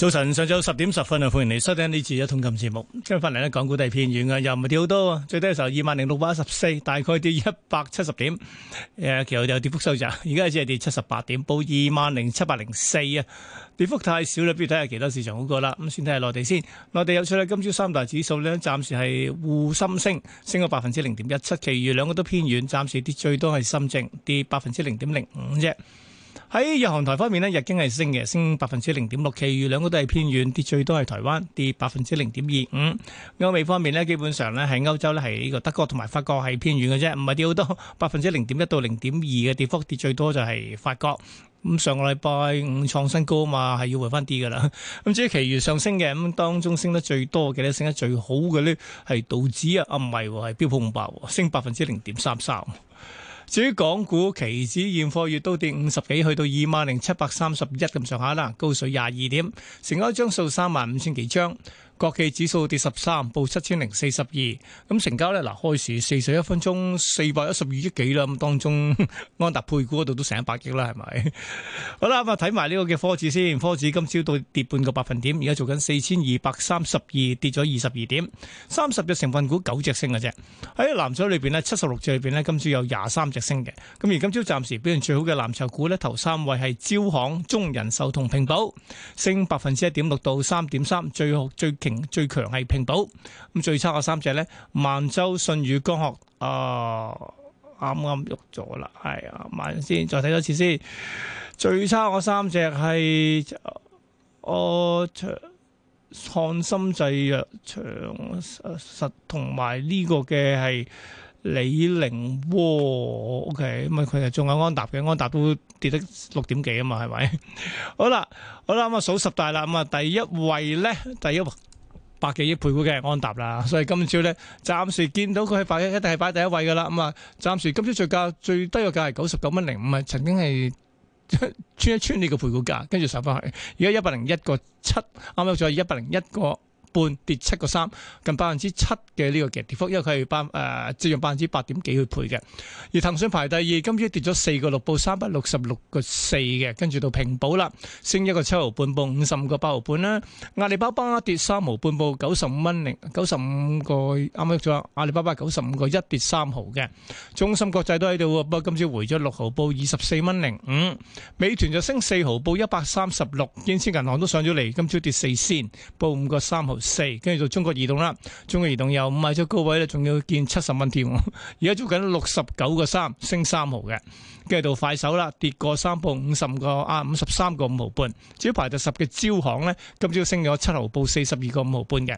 早晨，上晝十點十分啊，歡迎你收聽呢次一通金節目。今日翻嚟，咧，港股係偏軟嘅，又唔係跌好多，最低嘅時候二萬零六百一十四，大概跌一百七十點。誒，其後又跌幅收窄，而家只係跌七十八點，報二萬零七百零四啊。跌幅太少啦，不如睇下其他市場好過啦。咁先睇下內地先，內地有出咧，今朝三大指數呢，暫時係滬深升，升咗百分之零點一七，其餘兩個都偏軟，暫時跌最多係深證跌百分之零點零五啫。喺日韓台方面咧，日經係升嘅，升百分之零點六，其餘兩個都係偏軟，跌最多係台灣，跌百分之零點二五。歐、嗯、美方面咧，基本上咧係歐洲咧係呢個德國同埋法國係偏軟嘅啫，唔係跌好多，百分之零點一到零點二嘅跌幅，跌最多就係法國。咁、嗯、上個禮拜五創新高啊嘛，係要回翻啲噶啦。咁、嗯、至於其餘上升嘅，咁當中升得最多嘅咧，升得最好嘅呢係道指啊，唔係喎，係標普五百，升百分之零點三三。至於港股期指現貨月都跌五十幾，去到二萬零七百三十一咁上下啦，高水廿二點，成交張數三萬五千幾張。國企指數跌十三，報七千零四十二。咁成交呢，嗱開市四十一分鐘四百一十二億幾啦。咁當中安踏配股嗰度都成一百億啦，係咪？好啦，咁啊睇埋呢個嘅科指先。科指今朝到跌半個百分點，而家做緊四千二百三十二，跌咗二十二點。三十隻成分股九隻升嘅啫。喺藍籌裏邊呢，七十六隻裏邊呢，今朝有廿三隻升嘅。咁而今朝暫時表現最好嘅藍籌股呢，頭三位係招行、中人壽同平保，升百分之一點六到三點三，最最最強係平保，咁最差嗰三隻咧，萬洲信宇、光學，啊，啱啱喐咗啦，係啊，慢啲先，再睇多次先。最差嗰三隻係，我長翰森製藥、長實同埋呢個嘅係李寧喎，OK，咁啊，佢又仲有安踏嘅，安踏都跌得六點幾啊嘛，係咪？好啦，好啦，咁啊數十大啦，咁啊第一位咧，第一。百幾億配股嘅安踏啦，所以今朝咧暫時見到佢係百億，一定係擺第一位噶啦。咁啊，暫時今朝最高最低嘅價係九十九蚊零五，啊，曾經係 穿一穿呢個配股價，跟住上翻去。而家一百零一個七，啱啱仲有一百零一個。半跌七個三，近百分之七嘅呢個嘅跌幅，因為佢係半誒即用百分之八點幾去配嘅。而騰訊排第二，今朝跌咗四個六，報三百六十六個四嘅，跟住到平保啦，升一個七毫半，報五十五個八毫半啦。阿里巴巴跌三毫半，報九十五蚊零九十五個，啱啱出咗阿里巴巴九十五個一跌三毫嘅。中芯國際都喺度，不過今朝回咗六毫，報二十四蚊零五。美團就升四毫，報一百三十六。建設銀行都上咗嚟，今朝跌四先，報五個三毫。四，跟住到中國移動啦，中國移動又賣咗高位咧，仲要見七十蚊添。而家捉緊六十九個三，升三毫嘅，跟住到快手啦，跌過三破五十個啊，五十三個五毫半。至於排第十嘅招行咧，今朝升咗七毫，報四十二個五毫半嘅。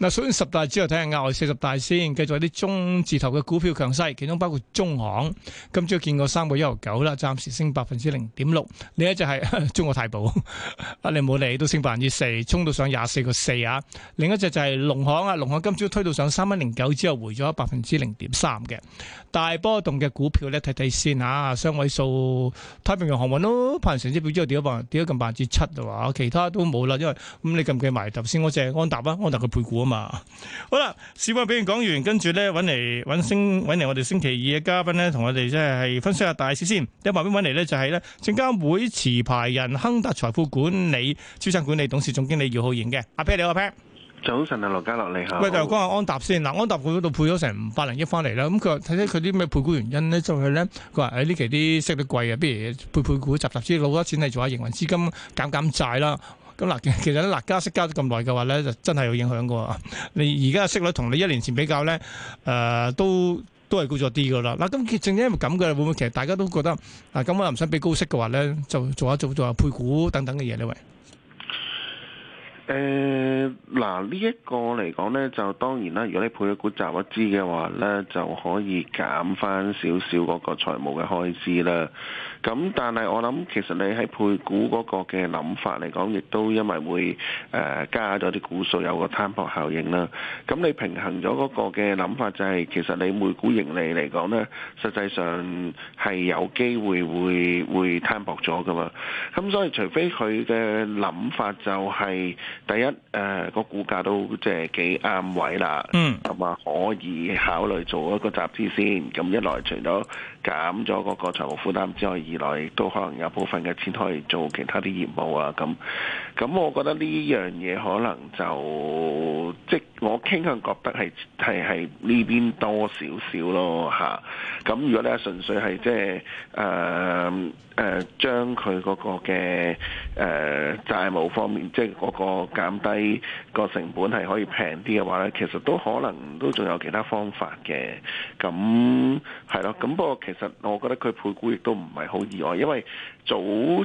嗱，首先十大之後睇下額外四十大先，繼續有啲中字頭嘅股票強勢，其中包括中行，今朝見過三個一毫九啦，暫時升百分之零點六。另一隻係中國太保，阿你冇理都升百分之四，衝到上廿四個四啊！另一隻就係農行啊，農行今朝推到上三蚊零九之後回，回咗百分之零點三嘅大波動嘅股票咧，睇睇先嚇、啊，雙位數太平洋航運咯，派成績表之後跌咗跌咗近百分之七啊，其他都冇啦，因為咁、嗯、你計埋頭先，我隻安踏。啊，安踏嘅配股、啊啊，好啦，市況表現講完，跟住咧揾嚟揾星揾嚟我哋星期二嘅嘉賓咧，同我哋即係分析下大市先。喺旁邊揾嚟咧就係咧證監會持牌人亨達財富管理資產管理董事總經理姚浩然嘅。阿 Peter，你好，Peter。早晨啊，羅家樂你好。喂，就講下安踏先嗱，安踏佢嗰度配咗成五百零億翻嚟啦，咁佢話睇睇佢啲咩配股原因咧，就係咧佢話誒呢期啲息率貴啊，不如配配股集集資攞多錢嚟做下營運資金，減減債啦。咁嗱，其實咧，加息加咗咁耐嘅話咧，就真係有影響㗎。你而家嘅息率同你一年前比較咧，誒、呃，都都係高咗啲㗎啦。嗱，咁正因為咁嘅，會唔會其實大家都覺得嗱，咁我又唔想俾高息嘅話咧，就做下做做下配股等等嘅嘢呢？喂、欸。誒。嗱，呢一個嚟講呢，就當然啦。如果你配咗股集一支嘅話呢，就可以減返少少嗰個財務嘅開支啦。咁但係我諗，其實你喺配股嗰個嘅諗法嚟講，亦都因為會誒加咗啲股數，有個攤薄效應啦。咁你平衡咗嗰個嘅諗法，就係其實你每股盈利嚟講呢，實際上係有機會會會攤薄咗㗎嘛。咁所以除非佢嘅諗法就係第一誒。誒，個股價都即係幾啱位啦，嗯，咁啊可以考慮做一個集資先。咁一來，除咗減咗個財務負擔之外，二來都可能有部分嘅錢可以做其他啲業務啊，咁咁，我覺得呢樣嘢可能就即我傾向覺得係係係呢邊多少少咯嚇。咁、啊、如果你係純粹係即係誒誒將佢嗰個嘅誒、啊、債務方面，即係嗰個減低個成本係可以平啲嘅話咧，其實都可能都仲有其他方法嘅。咁係咯，咁不過。其實我覺得佢配股亦都唔係好意外，因為早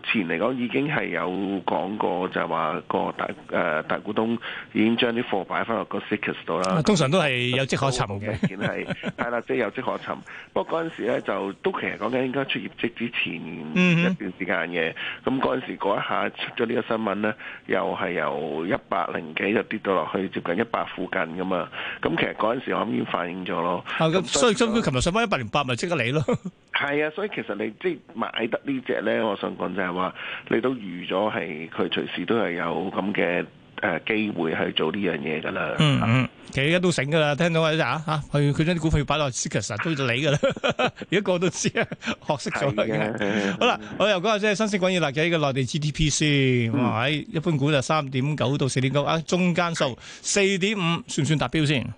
前嚟講已經係有講過，就係、是、話個大誒、呃、大股東已經將啲貨擺翻落個 CCASS 度啦、啊。通常都係有跡可尋嘅，見係係啦，即係有跡可尋。不過嗰陣時咧就都其實講緊應該出業績之前嗯嗯一段時間嘅，咁嗰陣時嗰一下出咗呢個新聞咧，又係由一百零幾就跌到落去接近一百附近噶嘛。咁其實嗰陣時我諗已經反映咗咯。咁，所以所以佢琴日上翻一百零八咪即刻你咯。以係啊，所以其實你即係買得呢隻咧，我想講就係話，你都預咗係佢隨時都係有咁嘅誒機會去做呢樣嘢噶啦。嗯嗯，其實而家都醒噶啦，聽到啊嚇嚇，佢佢將啲股票擺落斯柯沙都就你噶啦，而家個個都知啊，學識咗嘅。好啦，我又講下即係新鮮滾熱辣嘅呢個內地 GDP 先，喺一般股就三點九到四點九啊，中間數四點五算唔算達標先？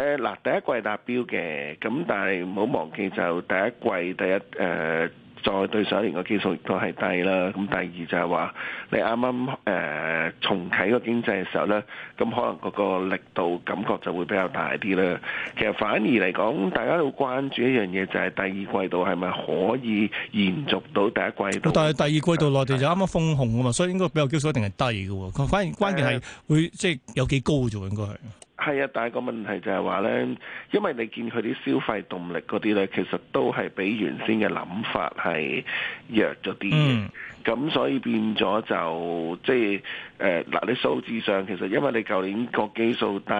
誒嗱，第一季達標嘅，咁但係唔好忘記就第一季第一誒，再對上一年個基數亦都係低啦。咁第二就係話，你啱啱誒重啟個經濟嘅時候咧，咁可能嗰個力度感覺就會比較大啲啦。其實反而嚟講，大家都關注一樣嘢就係第二季度係咪可以延續到第一季度？但係第二季度內地就啱啱封控啊嘛，所以應該比較基數一定係低嘅喎。反而關鍵係會即係有幾高啫喎，應該係。係啊，但係個問題就係話咧，因為你見佢啲消費動力嗰啲咧，其實都係比原先嘅諗法係弱咗啲嘅。嗯咁所以變咗就即係誒嗱，你數字上其實因為你舊年個基數低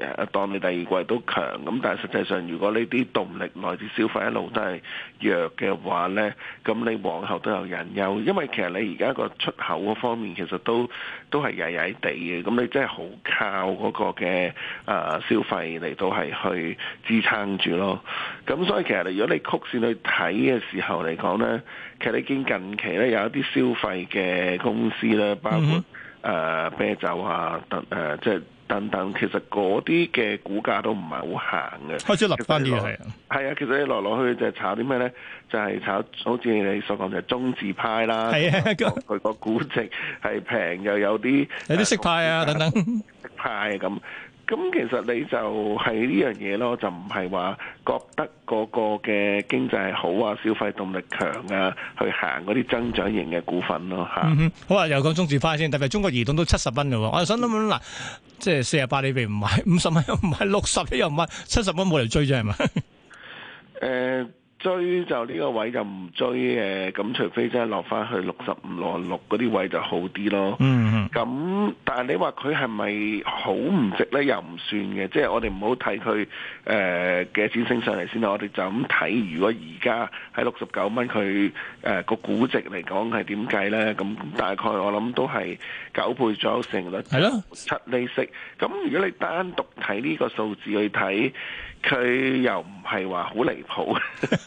而誒，當你第二季都強咁，但係實際上如果呢啲動力來自消費一路都係弱嘅話咧，咁你往後都有隱憂，因為其實你而家個出口嗰方面其實都都係曳曳地嘅，咁你真係好靠嗰個嘅誒消費嚟到係去支撐住咯。咁所以其實如果你曲線去睇嘅時候嚟講咧，其實你見近期咧有一啲消費嘅公司咧，包括誒、嗯哼呃、啤酒啊，誒即係等等，其實嗰啲嘅股價都唔係好行嘅，開始落翻啲嚟。係啊，其實你落落去，去就係炒啲咩咧，就係、係、炒好似你所講就係中字派啦，佢個估值係平又有啲有啲息派啊等等，息派咁。咁其實你就係呢樣嘢咯，就唔係話覺得個個嘅經濟好啊，消費動力強啊，去行嗰啲增長型嘅股份咯嚇、嗯。好啊，又講中字花先，特別中國移動都七十蚊嘅喎，我又想諗諗嗱，即係四十八你未買，五十蚊又唔買，六十你又唔買，七十蚊冇嚟追啫係嘛？誒。追就呢個位就唔追誒，咁、呃、除非真係落翻去六十五、六十六嗰啲位就好啲咯。嗯 嗯。咁、嗯嗯、但係你話佢係咪好唔值呢？又唔算嘅，即係我哋唔好睇佢誒幾錢升上嚟先啦。我哋就咁睇，如果而家喺六十九蚊，佢誒個估值嚟講係點計呢？咁、嗯、大概我諗都係九倍左右成率，係咯，七釐息。咁 如果你單獨睇呢個數字去睇，佢又唔係話好離譜。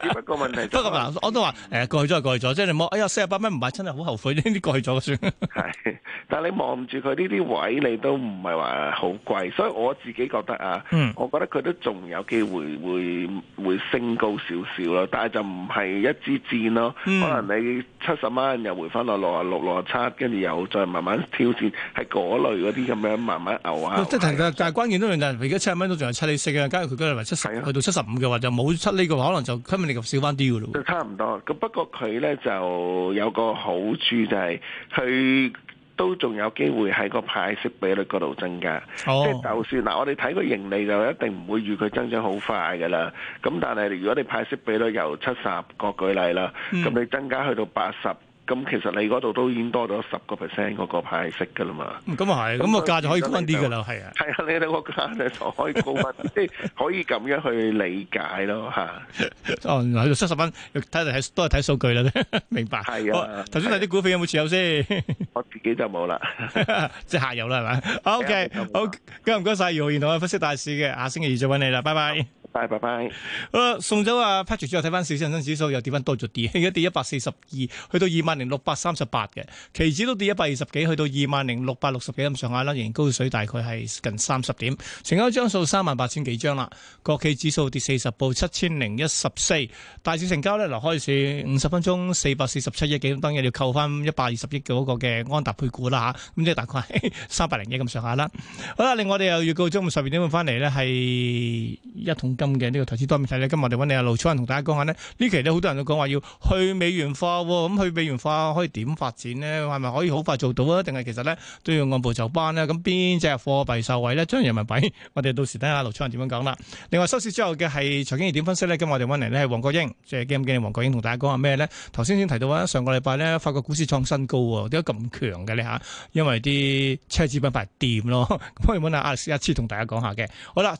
只不過問題，不過嗱，我都話誒，過去咗就過去咗，即係你摸，哎呀，四十八蚊唔買，真係好後悔呢啲過去咗嘅，算。係，但係你望住佢呢啲位，你都唔係話好貴，所以我自己覺得啊，嗯，我覺得佢都仲有機會會會升高少少咯，但係就唔係一支箭咯，可能你七十蚊又回翻落六十六、六十七，跟住又再慢慢挑戰，係嗰類嗰啲咁樣慢慢牛啊。即係但係關鍵都係，而家七十蚊都仲係七釐四嘅，假如佢今日賣七十，去到七十五嘅話就冇七釐嘅話。可能就吸引力就少翻啲噶咯。就差唔多，咁不過佢咧就有個好處就係，佢都仲有機會喺個派息比率嗰度增加。即係、哦、就、就算嗱，我哋睇個盈利就一定唔會預佢增長好快噶啦。咁但係如果你派息比率由七十，我舉例啦，咁、嗯、你增加去到八十。咁其實你嗰度都已經多咗十個 percent 嗰個派息嘅啦嘛，咁啊係，咁個價就可以高啲嘅啦，係啊，係啊，你睇個價就可以高啲，即係可以咁樣去理解咯吓，哦，原來七十蚊，睇嚟睇都係睇數據啦，明白。係啊，頭先睇啲股票有冇持有先？我自己就冇啦，即係下游啦，係咪？好，OK，好，多謝唔該晒，姚浩然同我分析大市嘅，下星期二再揾你啦，拜拜。拜拜拜！啊 Bye，送走阿 Patrick 之後，睇翻上證指數又跌翻多咗啲。而家跌一百四十二，去到二萬零六百三十八嘅，期指都跌一百二十幾，去到二萬零六百六十幾咁上下啦，仍然高水大概係近三十點，成交張數三萬八千幾張啦，國企指數跌四十步，七千零一十四，大市成交咧，嗱開市五十分鐘四百四十七億幾，當然要扣翻一百二十億嘅嗰個嘅安踏配股啦吓，咁、啊、即係大概係三百零億咁上下啦。好啦，另外我哋又預告中午十二點半翻嚟咧，係一統。今嘅呢個投資多面睇咧，今日我哋揾阿盧超人同大家講下呢。呢期咧好多人都講話要去美元化，咁去美元化可以點發展呢？係咪可以好快做到啊？定係其實咧都要按部就班咧？咁邊隻貨幣受惠呢？將人民幣，我哋到時睇下盧超人點樣講啦。另外收市之後嘅係財經嘅點分析呢？今日我哋揾嚟呢係黃國英，即係驚唔驚？黃國英同大家講下咩呢？頭先先提到啊，上個禮拜呢，法國股市創新高喎，點解咁強嘅呢？嚇？因為啲奢侈品牌掂咯，可以問下阿斯亞同大家講下嘅。好啦，